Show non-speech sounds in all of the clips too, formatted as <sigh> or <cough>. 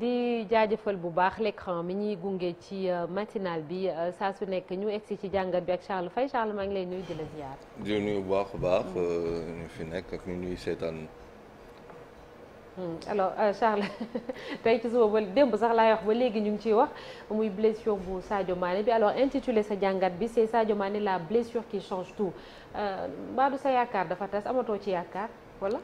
di jaajëfal bu baax l'écran mi ñuy gunge ci euh, matinal bi euh, saa su nekk ñu egsi ci jàngat bi ak Charles Faye Charles maa ngi lay nuyu di la ziar. di nuyu bu baax baax. Euh, ñu fi nekk ak ñu nuyu seetaan. Hmm, alors Charles <laughs> tey ci suba ba démb sax laay wax ba léegi ñu ngi ciy wax muy blessure bu Sadio bi alors intitulé sa jàngat bi c'est Sadio Mané la blessure qui change tout Badou sa yaakaar dafa tas amatoo ci yaakaar wala.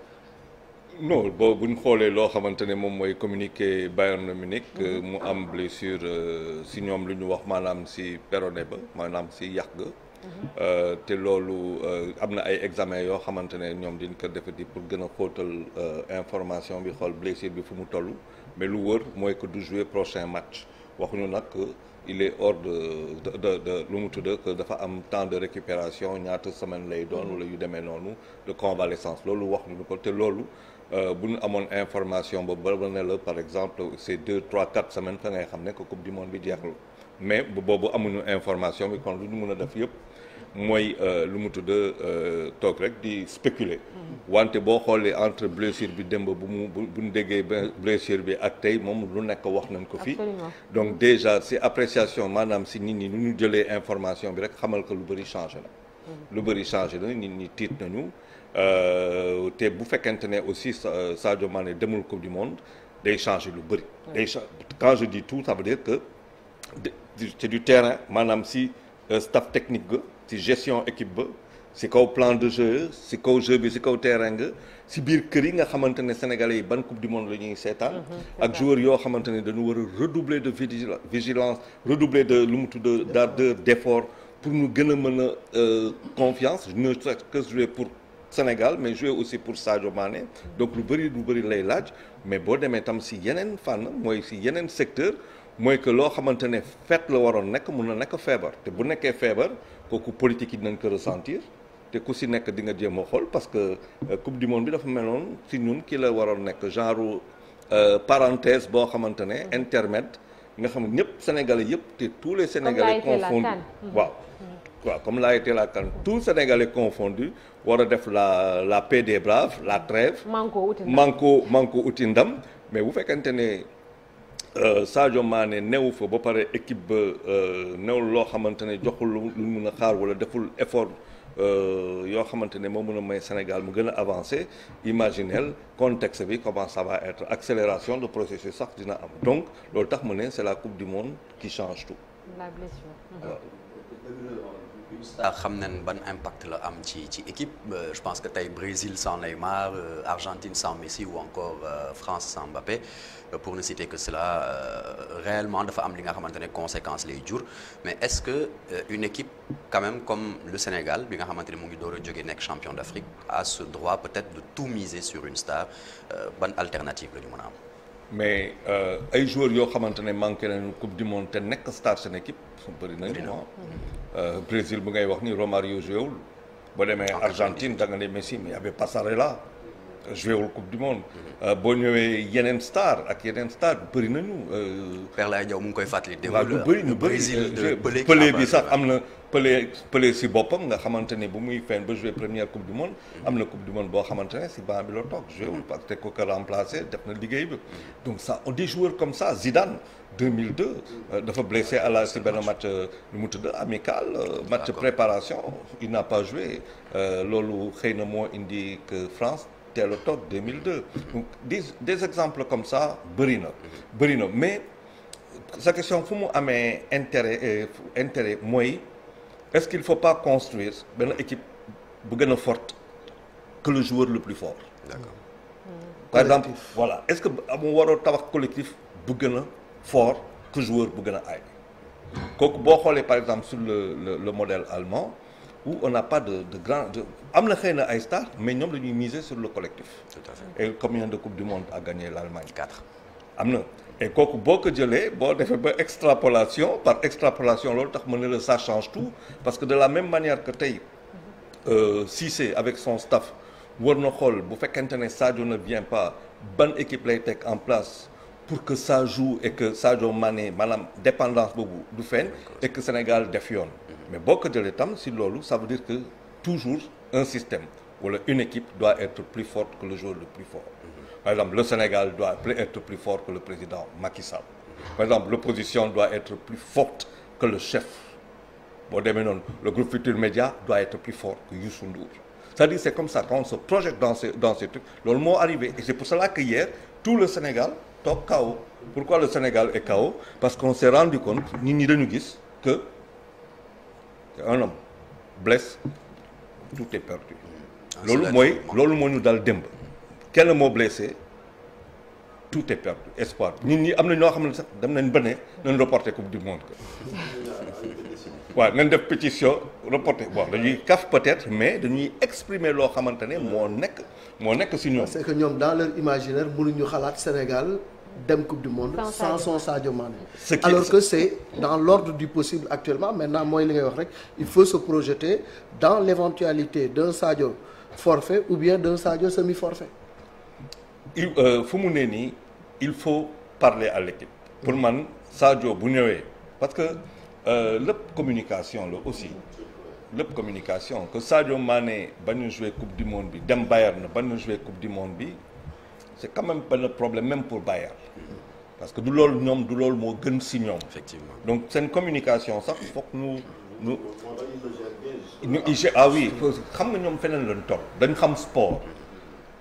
non boo bu ñu xoolee loo xamante ne moom mooy communiquer Bayern Munich euh, mhm. mu am blessure euh, si ñoom lu ñu wax maanaam si péroné ba maanaam si yàq ga mhm. euh, te loolu am na ay examen yoo xamante ne ñoom diñ ko defa di pour gën a xóotal information bi xool blessure bi fu mu toll mais lu wër mooy que du jouer prochain match waxuñu nag il est hors de de lu mu tudd que dafa am temps de récupération ñaata semaine lay doon mhm. wala yu demee noonu de convalescence loolu waxuñu ko te loolu Euh, bu ñu amoon information boobu ba ne la par exemple c'est deux trois quatre semaines fa ngay xam ne que coupe du monde bi jeexul mais bu boobu amuñu information bi kon lu ñu mën a def yëpp mooy euh, lu mu tudd euh, toog rek di spéculer. Mm-hmm. wante boo xoolee entre blessure bi démb bu mu bu ñu déggee blessure bi ak tey moom lu nekk wax nañ ko fi. donc déjà si appréciation maanaam si nit ñi nu ñu jëlee information bi rek xamal ko lu bëri changé na. Mm-hmm. lu bëri changé na nit ñi tiit nañu. Euh, te bu fekkente ne aussi euh, Sadio Mané demul coupe du monde day changer lu bëri. day quand je tout ça veut dire que du terrain maanaam si euh, staff technique ga si gestion équipe ba si kaw plan de jeu si kaw jeu bi si kaw terrain nga si biir kër yi nga xamante ne sénégalais yi ban coupe du monde la ñuy seetaan. Mhm, ak joueurs yoo xamante ne dañu war a redoubler de vigilance redoubler de lu mu tudd d'ardeur d'effort pour ñu gën a mën a confiance ne serait-ce que pour. Sénégal mais joué aussi pour Sadio Mané donc lu bëri lu bëri lay laaj mais boo demee tam si yeneen fànn mooy si yeneen secteur mooy que loo xamante ne fête la waroon nekk mun na nekk feebar te bu nekkee feebar kooku politique yi dinañ a sentir te ku si nekk di nga jéem a xool parce que euh, coupe du monde bi dafa meloon si ñun kii la waroon nekk genre euh, parenthèse boo xamante ne intermède nga xam ne ñëpp sénégalais yëpp te tous les sénégalais confondus waaw mm-hmm. waaw comme l'a été la CAN tous sénégalais confondus war a def la la paix des braves la trêve manko manko uti ndam mais bu fekkente ne euh, Sadio Mané newu fa ba pare équipe ba euh, new loo xamante ne joxul lu mun a xaar wala deful effort Euh, yoo xamante ne moo mën a Sénégal mu gën a avancé imaginel contexte bi comment ça va être accélération de processus sax dina am donc loolu tax mu ne c'est la coupe du monde qui change tout. xam nañ ban impact la am ci ci équipe euh, je pense que tey Brésil san Neymar euh, Argentine sans Messi ou encore euh, France sans Mbappé pour ne citer que cela réellement dafa am li nga xamante ne conséquence les jur mais est-ce que une équipe quand même comme le Sénégal bi nga xamante ne mu ngi door a jógee nekk champion d'Afrique a ce droit peut-être de tout miser sur une star ban alternative la ñu mën a am mais euh, ay joueurs yoo xamante ne manqué nañu coupe du monde te nekk star seen équipe bëri nañu ah. Brésil bu ngay wax ni Romario jouéwul boo demee Argentine da nga ne Messi mais y avait Passarella jouéwul coupe du monde. Euh, boo ñëwee yeneen star ak yeneen star bëri nañu. Euh, Père Laye Diaw mu ngi koy fàttali. déwén waaw lu bëri ñu bëri euh, Pelé bi sax am na Pelé Pelé si boppam nga xamante ne bu muy feeñ ba joué première coupe du monde. am na coupe du monde boo xamante ne si banc bi la toog jouéwul parce que ko ko remplacé def na liggéey bi. donc ça a des joueurs comme ça Zidane 2002. dafa blessé à la si benn match nu mu tudd amical. match préparation il n'a pas joué loolu xëy na moo indi que France. teel a toog 2002 donc des des exemples comme ça bëri na bëri na mais sa question fu mu amee intérêt euh, intérêt mooy est-ce qu'il faut pas construire benn équipe bu gën a forte que le joueur le plus fort d'accord par exemple voilà est-ce que amu waroo tabax collectif bu gën a fort que joueur bu gën a aay kooku boo xoolee par exemple sur le le, le modèle allemand où on n'a pas de de grand de am na xëy na ay stars mais ñoom dañuy miser sur le collectif. tout à fait et combien de coupe du monde a gagné l'Allemagne quatre am na et kooku boo ko jëlee boo defee ba extrapolation par extrapolation loolu tax ma ne la ça change tout parce que de la même manière que tey euh, Cissé avec son staff war na xool bu fekkente ne Sadio ne vient pas ban équipe lay teg en place. pour que sa joue et que Sadio Mané maanaam dépendance boobu du feeñ et que Sénégal def yoon mais boo ko jëlee tam si loolu ça veut dire que toujours un système wala une équipe doit être plus forte que le joueur le plus fort mhm. par exemple le Sénégal doit être plus fort que le président Macky Sall mhm. par exemple l'opposition doit être plus forte que le chef boo demee noonu le groupe Futur Média doit être plus fort que Youssou Ndour cest comme ça quand on se projette dans ce dans ces trucs loolu moo arrivé et c'est pour cela que hier tout le Sénégal toog KO pourquoi le Sénégal est KO parce qu'on s'est rendu compte nit ñi dañu gis que un homme blesse tout est ah, loolu mooy loolu moo ñu dal démb. kenn moo blessé tout est perdu espoir nit ñi am na ñoo xam ne sax dem nañ ba ne nañ reporter coupe du monde. <laughs> waaw nañ def pétition reporter bon dañuy kaf peut-être mais dañuy exprimer loo xamante ne moo nekk moo nekk si ñoom. parce que ñoom dans leur imaginaire mënuñu xalaat Sénégal. dem coupe du monde sans son Sadio Mané alors que c'est dans l'ordre du possible actuellement maintenant mooy li ngay wax rek il faut se projeter dans l'éventualité d'un Sadio forfait ou bien d'un Sadio semi-forfait il euh, fu mu ne nii il faut parler à l'équipe pour mm. man Sadio bu ñëwee parce que euh, lépp communication la aussi lépp communication que Sadio Mané ba ñu jouer coupe du monde bi dem Bayern ba ñu jouer coupe du monde bi c'est quand même pas le problème même pour Bayer parce que du loolu ñoom du loolu moo gën si ñoom. effectivement donc seen communication sax foog ñu ñu. ñu hygiène ah oui xam na ñoom feneen lañ toll dañ xam sport.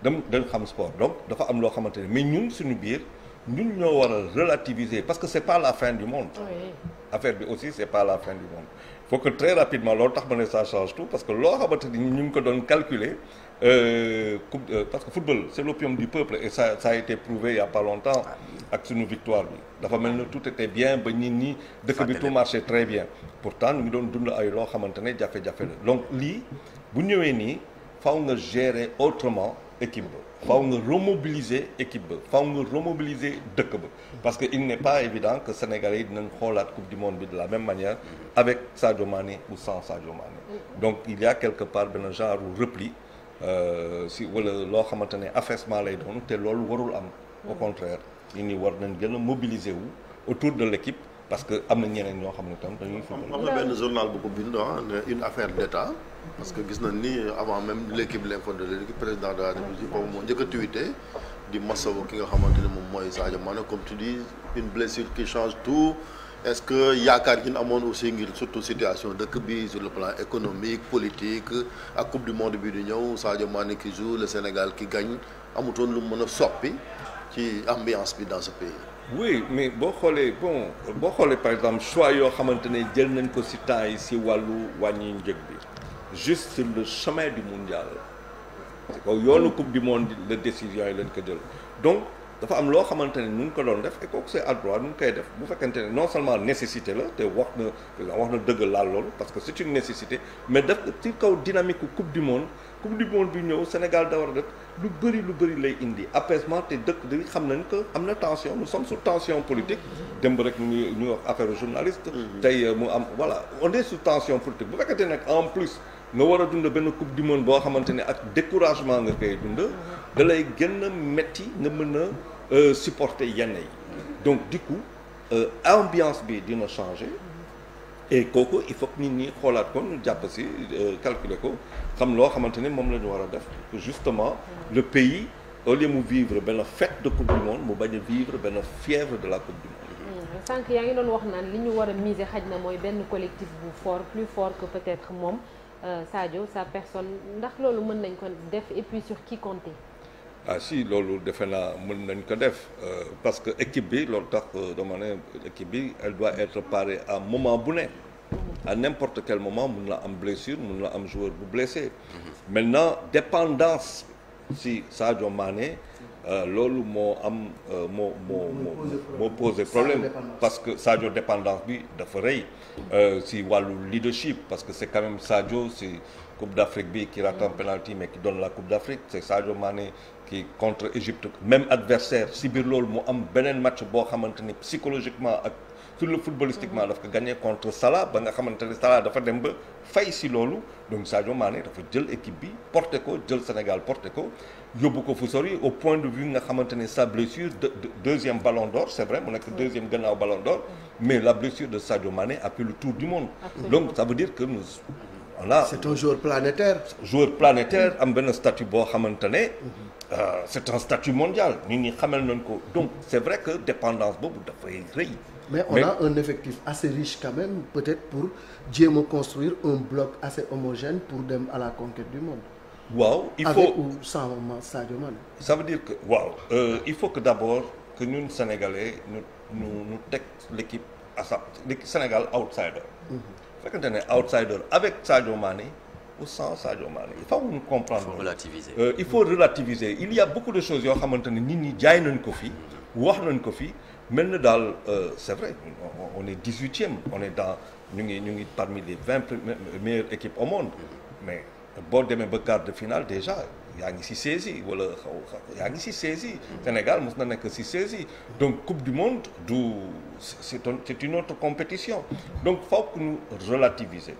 dañ dañ xam sport donc dafa am loo xamante ne mais ñun suñu biir ñun ñoo war a relativiser parce que c'est pas la fin du monde. affaire bi aussi c'est pas la fin du monde. faut que très rapidement loolu tax ma ne ça change tout parce que loo xamante ni ñu ngi ko doon calculer. Euh, coupe euh, parce que football c'est l'opium du peuple et ça ça a été prouvé il y pas longtemps ah ak suñu victoire bi dafa mel ni tout était bien ba nit ñi dëkk bi tout marchait très bien pourtant ñu ngi doon dund ay loo xamante ne jafe-jafe donc lii bu ñëwee nii faw nga gérer autrement équipe ba faw nga remobiliser équipe ba faw nga remobiliser dëkk ba parce que il n'est pas évident que Sénégalais yi dinañ xoolaat coupe du monde bi de la même manière avec Sadio Mané ou sans Sadio Mané mm. donc il y a quelque part benn genre repli Euh, si wala loo xamante ne affaissement lay doon te loolu warul am au hmm. contraire nit ñi war nañ gën a mobiliser wu autour de l'équipe parce que am na ñeneen ñoo xam ne tam dañuy football. am na benn journal bu ko bind ah ne une affaire d'état parce que gis nañ ni avant même l'équipe l'info de l'équipe président de la République boobu moo njëkk a tweeté di masawu ki nga xamante ne moom mooy Sadio Mané comme tu dis une blessure qui change tout. est-ce que yaakaar gi ñu amoon aussi ngir surtout situation dëkk bi sur le plan économique politique ak coupe du monde bi du ñëw Sadio Mané qui joue le Sénégal ki gagne amutoon lu mën a soppi ci ambiance bi dans ce pays. oui mais boo xoolee bon boo xoolee par exemple choix yoo xamante ne jël nañ ko si temps yi si wàllu wàññi njëg bi juste sur le chemin du mondial. parce que yoonu coupe du monde la décision yi lañ ko jël donc. dafa am loo xamante ne nu ngi ko doon def et kooku c'est à nu ngi koy def bu fekkente ne non seulement nécessité la te wax na wax na dëgg laal loolu parce que c'est une nécessité mais def ci kaw dynamique coupe du monde coupe du monde bi ñëw Sénégal da war a lu bëri lu bëri lay indi apaisement te dëkk di xam nañ que am na tension nous sommes sous tension politique démb rek ñu ñu wax affaire journaliste mm-hmm. tey mu am voilà on est sous tension politique bu fekkente en plus nga war a dund benn coupe du monde boo xamante ne ak découragement nga koy dund. da lay gën a metti nga mën a euh, supporter yenn yi. donc du coup euh, ambiance bi dina changer. et kooku il faut nit ñi xoolaat ko ñu jàpp si euh, calculer ko xam loo xamante ne moom la ñu war a def justement le pays au lieu mu vivre benn fête de coupe du monde mu bañ a vivre benn fièvre de la coupe du monde. Mmh. sànq yaa ngi doon wax naan li ñu war a miser xaj na mooy benn collectif bu fort plus fort que moom. Euh, Sadio sa personne ndax loolu mën nañ ko def et puis sur compter. Ah, si loolu defe naa mën nañ ko def euh, parce que équipe bi loolu tax euh, dama ne bi elle doit être parée à moment bu ne. à n'importe quel moment mun na am blessure mën na am joueur bu blessé. Mhm. maintenant dépendance si Sadio Mané. Euh, loolu moo am euh, moo moo moo moo posé problème parce que Sadio dépendance bi dafa rëy euh, si wàllu leadership parce que c'est quand même Sadio si Coupe d'Afrique bi qui rate un mm. penalty mais qui donne la Coupe d'Afrique c'est Sadio Mané qui contre Égypte même adversaire si biir loolu mu am beneen match boo xamante ni psychologiquement ak sur le footballistiquement daf ko gagné contre Salah ba nga xamante ne Salah dafa dem ba fay si loolu donc Sadio Mané dafa jël équipe bi porte ko jël Sénégal porté ko yóbbu ko fu sori au point de vue nga xamante ne sa blessure de deuxième ballon d'or c'est vrai mu nekk deuxième gannaaw ballon d'or mais la blessure de Sadio Mané a le tour du monde donc ça veut que nous on a c'est un joueur planétaire am benn statut boo xamante ne euh, c'est un statut mondial nit ñi xamal nañ ko donc c'est vrai que dépendance boobu dafay rëy mais on mais... a un effectif assez riche quand peut-être pour jéem a construire un bloc assez homogène pour dem à la conquête du monde. waaw il faut avec ou sans Sadio Mané. ça veut dire que waaw euh, il faut que d'abord que ñun sénégalais ñu ñu ñu teg l'équipe à sa l'équipe Sénégal outsider. bu mhm. fekkente ne outsider avec Sadio Mané ou sans Sadio Mané il faut ñu comprendre. il faut relativiser euh, il faut relativiser il y a beaucoup de choses yoo xamante ne nit ñi jaay nañ ko fi wax nañ ko fi. mel na daal euh, c'est vrai on est dix-huitième on est dans ñu ngi ñu ngi parmi les vingt meilleures équipes au monde mais boo demee ba quart de finale déjà yaa ngi si saisi wala yaa ngi si saisi Sénégal mos na nekk si saisi donc coupe du monde du c'est une autre compétition donc faut que ñu relativiser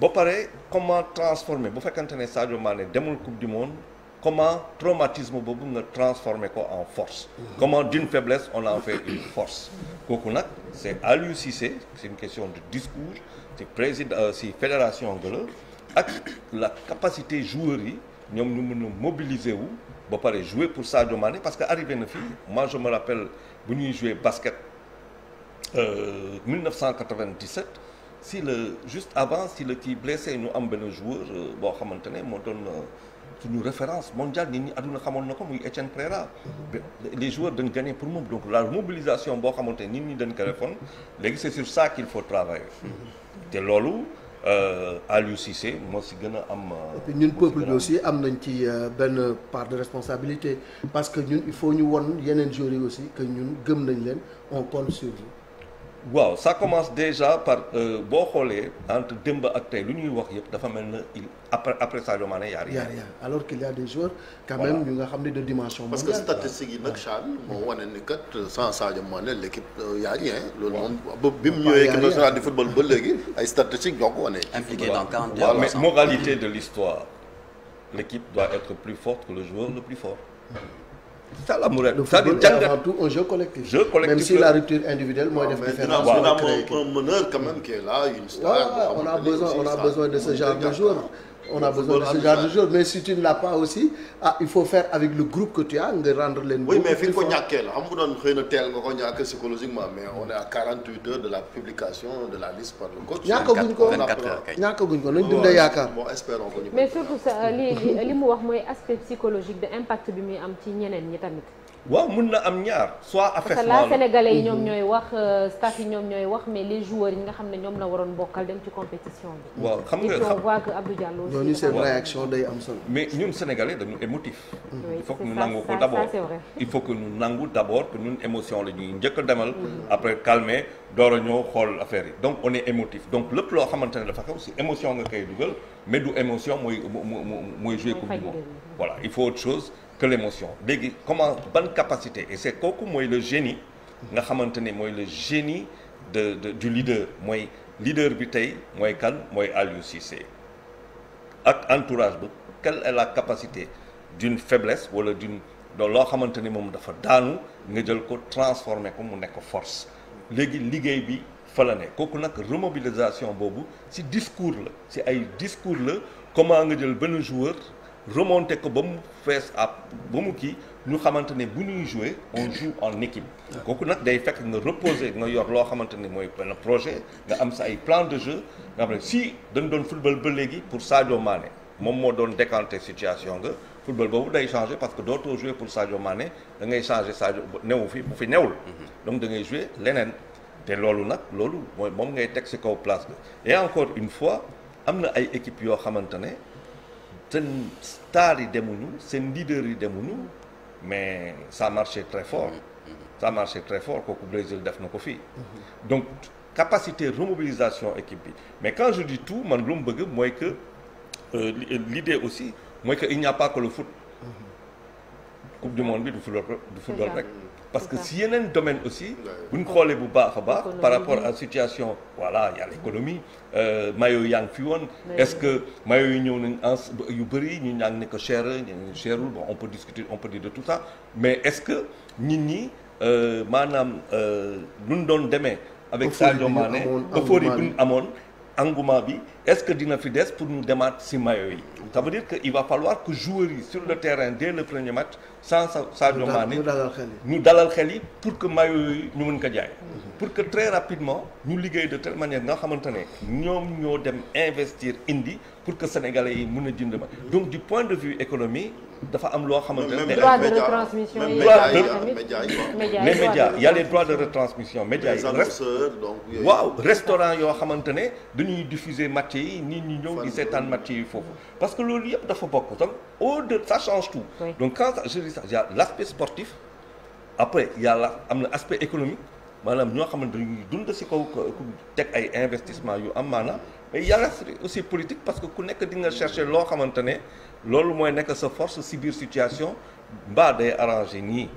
ba pare comment transformer bu fekkante ne Sadio Mané demul coupe du monde comment traumatisme boobu nga transformer ko en force comment d'une faiblesse on en fait une force kooku nag c'est Aliou Cissé c'est une question de discours ci euh, ci fédération nga la ak la capacité joueurs yi ñoom ñu mën a mobiliser wu ba pare jouer pour Sadio Mané parce que arrivé na fii moi je me rappelle bu ñuy jouer basket euh, 1997 si le juste avant si le kii blessé ñu am benn joueur euh, boo xamante ne moo euh, suñu référence mondiale nit ñi àdduna xamoon na ko muy Etienne Prera les joueurs dañ gagné pour moom donc la mobilisation boo xamante nit ñi dañ ko defoon léegi c'est sur ça qu'il faut travailler te loolu euh, Aliou Cissé moo si gën a am. Euh, et ñun peuple bi aussi am nañ ci euh, benn part de responsabilité parce que ñun il faut ñu won yeneen joueurs yi aussi que ñun gëm nañ leen on compte sur vous. waaw ça commence déjà par euh, boo xoolee entre démb ak tey lu ñuy wax yëpp dafa mel na il après après Sadio Mané yaa yaa alors qu'il y a des joueurs quand voilà. même yu nga xam ne de dimension mondiale parce que statistique yi nag Charles moo wane ni kat euh, sans Sadio Mané l'équipe euh, yaa rien loolu moom ba bi mu ñëwee équipe nationale de football ba léegi ay statistiques ñoo ko wane impliqué dans 40 ans mais moralité de l'histoire l'équipe doit être plus forte que le joueur le plus fort c'est ça la morale. le football est avant tout jeu collectif. la rupture individuelle mooy def différence. on a besoin de ce genre de on a besoin de ce genre de choses mais si tu ne l'as pas aussi ah il faut faire avec le groupe que tu as nga rendre leen. oui mais fi nga ko ñàkkee la xam nga doon xëy na teel nga ko ñàkk psychologiquement mais on est à 48 heures de la publication de la liste par le coach. ñàkkaguñ ko ñàkkaguñ ko nañ dundee yaakaar. bon espérons que ñu mais surtout ça li li mu wax mooy aspect psychologique de impact bi muy am ci ñeneen ñi tamit. waaw mën na am ñaar soit affaissement parce que la sénégalais yi ñoom mhm. ñooy wax euh, staff yi ñoom ñooy wax mais les joueurs yi nga xam ne ñoom la waroon bokkal dem ci compétition bi. waaw xam nga xam voit que Abdou Diallo. aussi ñooñu seen réaction day am solo. mais ñun sénégalais dañu émotif. il faut que ñu nangu ko d' abord il faut que ñu nangu d' abord que émotion la ñuy njëkk demal. Mhm. après calmer door a ñëw xool affaire yi donc on est émotif donc lépp loo xamante ne dafa xew si émotion nga koy dugal mais du émotion mooy mooy mooy jouer coupe du monde voilà il faut autre que léegi comment ban capacité et c'est kooku mooy le génie nga xamante ni mooy le génie de, de du leader mooy leader bi tey mooy kan mooy Aliou ci Cissé ak entourage bi quelle est la capacité d'une faiblesse wala d'une loo xamante ni moom dafa daanu nga jël ko transformer ko mu nekk force léegi liggéey bi fa ne kooku nag remobilisation boobu ci discours la si ay discours la comment nga jël benn joueur remonter ko ba mu fees ab ba mu kii ñu xamante ne bu ñuy jouer on joue en équipe. kooku nag day fekk nga reposer nga yor loo xamante ne mooy benn projet nga am sa ay plan de jeu nga xam si dañ doon football ba léegi pour Sadio Mané moom moo doon décanter situation nga football boobu day changer parce que dootoo jouer pour Sadio Mané da ngay changer Sadio newu fi bu fi newul. Mhm. donc da ngay jouer leneen. te loolu nag loolu mooy moom ngay teg si kaw place bi et encore une fois am na ay équipes yoo xamante ne. seen star yi demuñu seen leader yi demuñu mais ça marchait très fort ça marchait très fort kooku Brésil def na ko fii donc capacité remobilisation équipe bi mais quand je dis tout man lu mu bëgg mooy que euh, euh l'idée aussi mooy que il n'y a pas que le foot coupe du monde bi du football du football rek parce que si yeneen domaine aussi bu ñu xoolee bu baax a baax par rapport à situation voilà y a l'économie euh, maillot yaa ngi fi woon est-ce que maillot yi ñëw nañ en yu bëri ñu ñaa ngi ne ko cher ñu cherul bon on peut discuter on peut dire de tout ça mais est-ce que nit ñi euh, maanaam euh, lu ñu doon demee avec Sadio Mané euphorie bu ñu amoon engouement bi est-ce que dina fi des pour ñu demaat si maillot yi. ça veut dire que il va falloir que joueurs yi sur le terrain dès le premier match sans Sadio Mané ñu dalal xel yi pour que maillot yi ñu mën ko jaay. pour que très rapidement ñu liggéey de telle manière nga xamante ne ñoom ñoo dem investir indi pour que sénégalais yi mun a jënd ma donc du point de vue économie. dafa am loo xamante ne droit de retransmission yi mais média y a les droits diffuser match marché yi nit ñi ñëw di seetaan marché yi foofu parce que loolu yëpp dafa bokk donc au delà ça change tout oui. donc quand je dis ça y a l' aspect am na aspect économique maanaam ñoo xam ne dañuy dund si kaw euh, teg ay investissement yu am maanaam mais y a aussi politique parce que ku nekk dinga nga chercher loo xamante ne loolu mooy nekk sa force si biir situation mbaa day arrangé nii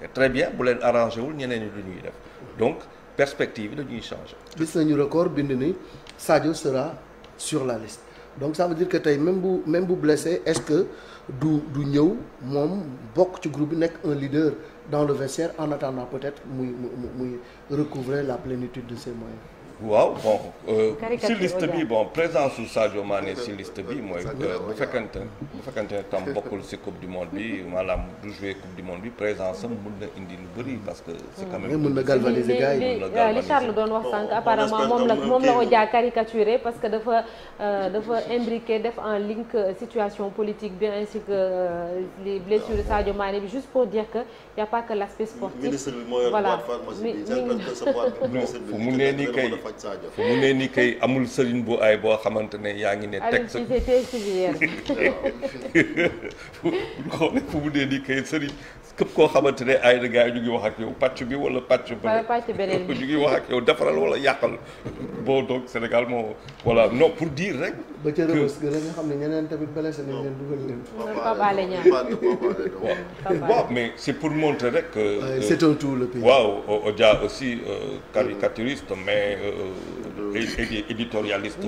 c'est très bien bu leen arrangé wul ñeneen ñi lu ñuy def donc perspective yi dañuy changé. gis nañu record bind ni Sadio sera sur la liste donc ça veut dire que tey même bu même bu blessé est-ce que du du ñëw moom bokk ci groupe bi nekk un leader dans le vestiaire en attendant peut-être muy mu muy recouvrer la plénitude de ses moyens. waaw bon euh, si liste bi bon présence su Sadio Mané si liste bi mooy bu fekkante bu fekkante ne tam bokkul si coupe du monde bi di du jouer coupe du monde bi présence m mun na indi lu bëri parce que c'est quand même na galvaniser gars li Charles doon wax sànq apparemment moom la moom la Odia caricaturé parce que dafa euh, dafa imbriqué def en link euh, situation politique bi ainsi que les blessures Sadio Mané bi juste pour dire que y a pas que l'aspect sportif voilà mu faj Sadio. fu mu ne ni kay amul sëriñ bu ay boo xamante ne yaa ngi ne. teg sa <laughs> xoolee fu mu ne ni kay sëriñ képp koo xamante ne ay na ñu ngi wax ak yow pàcc bi wala pàcc. wala pàcc beneen bi <laughs> ñu ngi wax ak yow defaral wala yàqal. boo donc Sénégal moo non pour dire rek. ba ca rëbës ñeneen tamit blessé nañ leen mais c' pour montrer rek. que c' est waaw Odia aussi caricaturiste mais éditorialiste.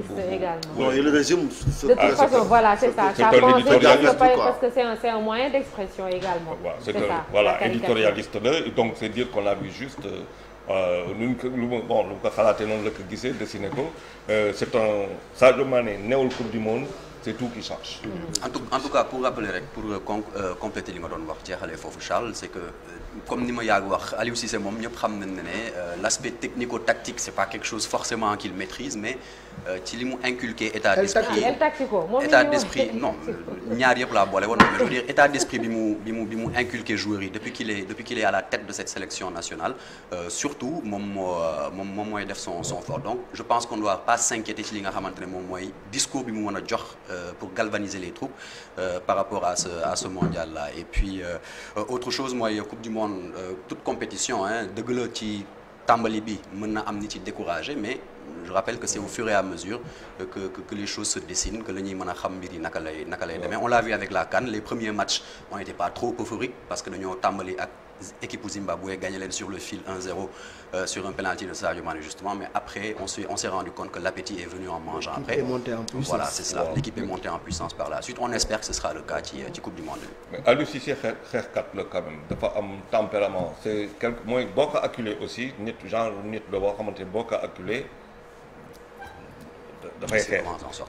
bon et le régime. de toute façon voilà c' est ça. c' est un éditorialiste parce que c' est moyen d' également. voilà éditorialiste la donc c' est dire qu'on a vu juste. Euh, lu euh, ñu ko lu ma bon lu ma ko xalaatee noonu la ko gisee dessiné ko euh, c'est un Sadio Mané newul coupe du monde c'est tout qui change. Mm. en tout en tout cas pour rappeler rek pour euh, con euh, compléter li nga doon wax jeexalee foofu Charles c'est que euh, comme ni ma yàgg wax Aliou Cissé moom ñëpp xam nañ ne ne l'aspect technico-tactique c'est pas quelque chose forcément qu'il maîtrise mais ci li mu inculqué état d'esprit état d'esprit non ñaar yëpp laa boole woon mais je veux dire état d'esprit bi mu bi mu bi mu inculqué joueurs yi depuis qu'il est depuis qu'il est à la tête de cette sélection nationale surtout moom moo moom moom mooy def son son fort donc je pense qu'on ne doit pas s'inquiéter ci li nga xamante ne moom mooy discours bi mu mën a jox Euh, pour galvaniser les troupes euh, par rapport à ce à ce mondial là et puis euh, autre chose mooy coupe du monde toute compétition hein dëgg la ci tàmbali bi mën na am nit ci découragé mais je rappelle que c'est au fur et à mesure que les choses se dessinent que la ñuy mën a xam mbir yi naka on l'a vu avec la CAN les premiers matchs on n'était pas trop euphorique parce que dañoo tàmbali ak équipe bu Zimbabwe gagné leen sur le fil 1-0 euh, sur un penalty de Sadio Mané justement mais après on s'est on s'est rendu compte que l'appétit est venu en mangeant après. L'équipe est montée en puissance par la suite on espère que ce sera le cas ci coupe du monde bi. mais Aliou Cissé xeex xeexkat la quand même dafa am tempérament c'est quelque mooy boo ko acculé aussi nit genre nit la boo xamante ni boo ko acculé. dafay xeex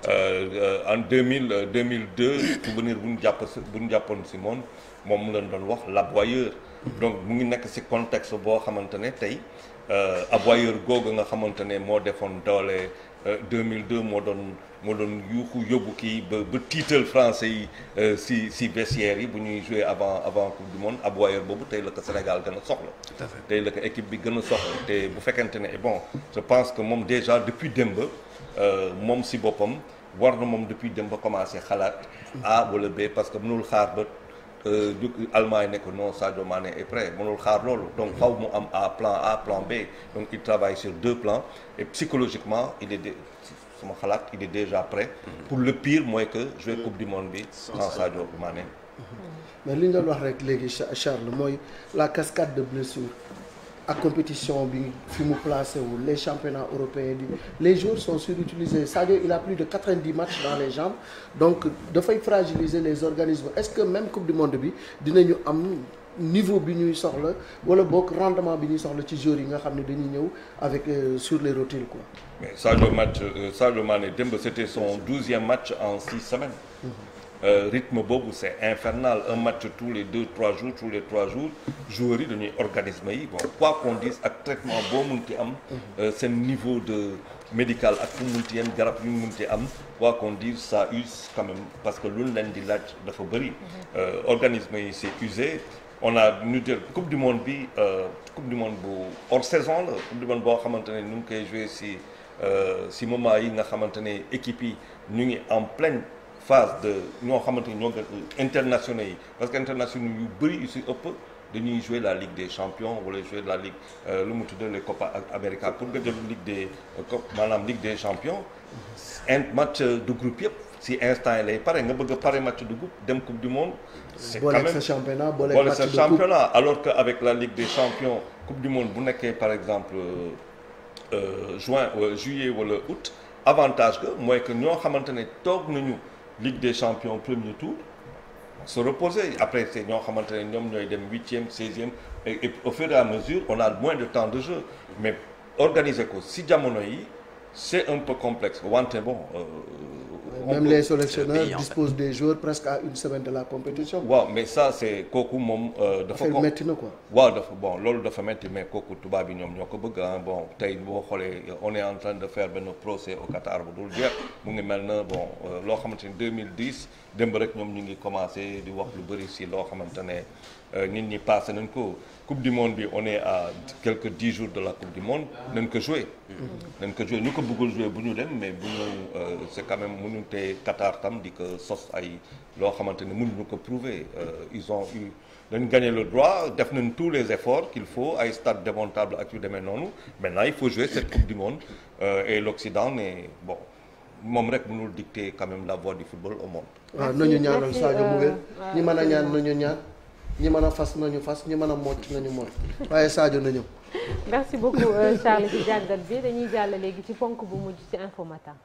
euh, euh, en 2000 2002 euh, souvenir bu ñu jàpp bu ñu jàppoon si moom moom lañ doon wax l'aboyeur. donc mu ngi nekk ci contexte boo xamante ne tey euh, aboyeur googu nga xamante ne moo defoon doole 2002 euh, moo doon moo doon yuuxu yóbbu kii ba ba tiital français yi si euh, si vestiaire yi bu ñuy jouer avant avant coupe du monde aboyeur boobu tey la ko Sénégal gën a soxla. tey la ko équipe bi gën a soxla te bu fekkente ne bon je pense que moom déjà depuis démb moom si boppam war na moom depuis ba commencé xalaat A wala B parce que mënul xaar ba. Euh, du Allemagne ne ko non Sadio Mané est prêt mënul xaar loolu donc faw mu am A plan A plan B donc il travaille sur deux plans et psychologiquement il est sama xalaat il est déjà prêt mhm. pour le pire mooy que jouer mhm. coupe du monde bi sans Sadio Mané mais li ñu doon wax rek léegi Charles mooy la cascade de blessures ak compétition bi fi mu placé wu les championnats européens les jours sont surutilisés Sadio il a plus de quatre-vingt-dix matchs dans les jambes donc dafay fragiliser les organismes est-ce que même coupe du monde bi dina ñu am niveau bi ñuy soxla wala bokk rendement bi ñuy soxla ci joueurs yi nga xam ne dañuy ñëw avec euh, sur les rotules quoi. mais Sadio match euh, Sadio Mané démb c'était son douzième match en six semaines. Mm-hmm. Euh, rythme boobu c'est infernal un match tous les deux trois jours tous les trois jours joueurs yi dañuy organisme yi bon quoi qu'on ak traitement boo munti am euh, seen niveau de médical ak fu munti yem garab yu am quoi qu'on dise ça use quand parce que luñ leen di laaj dafa bëri euh, organisme yi c'est usé on a ñu jël coupe du monde bi coupe du monde bu hors saison la coupe du monde boo xamante ne ñu ngi koy joué si si moment yi nga xamante ne équipe yi ñu ngi en pleine phase de ñoo xamante ni ñoo internationaux yi parce que internationaux yu bëri yu si ëpp dañuy jouer la ligue des champions wala la ligue euh, lu mu tudd les Copa América pour nga jël ligue euh, maanaam ligue des champions un match de groupe yëpp si instant yi lay pare nga bëgg a pare match de groupe dem coupe du monde. c'est quand même boole sa championnat boole sa championnat alors que avec la ligue des champions coupe du monde bu nekkee par exemple euh, juin juillet wala août avantage que mooy que ñoo xamante ne toog nañu. Ligue des champion premier tour on se reposer après c'est ñoo xamante ne ñoom ñooy dem huitième seizième et au fur et mesure on a moins de temps de jeu mais organiser ko si jamono yi c'est un peu complexe wante bon. Euh, même les sélectionneurs disposent des joueurs presque à une semaine de la compétition. waaw mais ça c'est kooku moom. Euh, dafa ko métti na quoi. waaw dafa bon loolu dafa métti mais kooku tubaab yi ñoom ñoo ko bëgg ah bon tey boo xoolee on est en train de fair benn procès au Qatar bu dul jeex mu ngi mel na bon euh, loo xamante ni 2010 démb rek ñoom ñu ngi commencé di wax lu bëri si loo xamante ne. Euh, nit ñi passé nañ ko coupe du monde bi on est à quelques dix jours de la coupe du monde nañ ko jouer nañ ko jouer jouer bu ñu dem mais bu ñu euh, c'est quand même mënuñu tey Qatar tam di ko sos ay loo xamante ne mu mënuñu ko prouver euh, ils ont eu dañ gagné le droit def nañ tous les efforts qu'il faut ay stade demontable ak yu demee noonu maintenant il faut jouer cette coupe du monde et l'Occident ne bon moom rek mënul dicter quand même la voie du football au monde ñi mën a fas nañu fas ñi mën a mocc nañu mocc waaye Sadio na ñëw. merci beaucoup euh, Charles ci jàngat bi dañuy jàll léegi ci fonk bu mujj ci Infos Matin.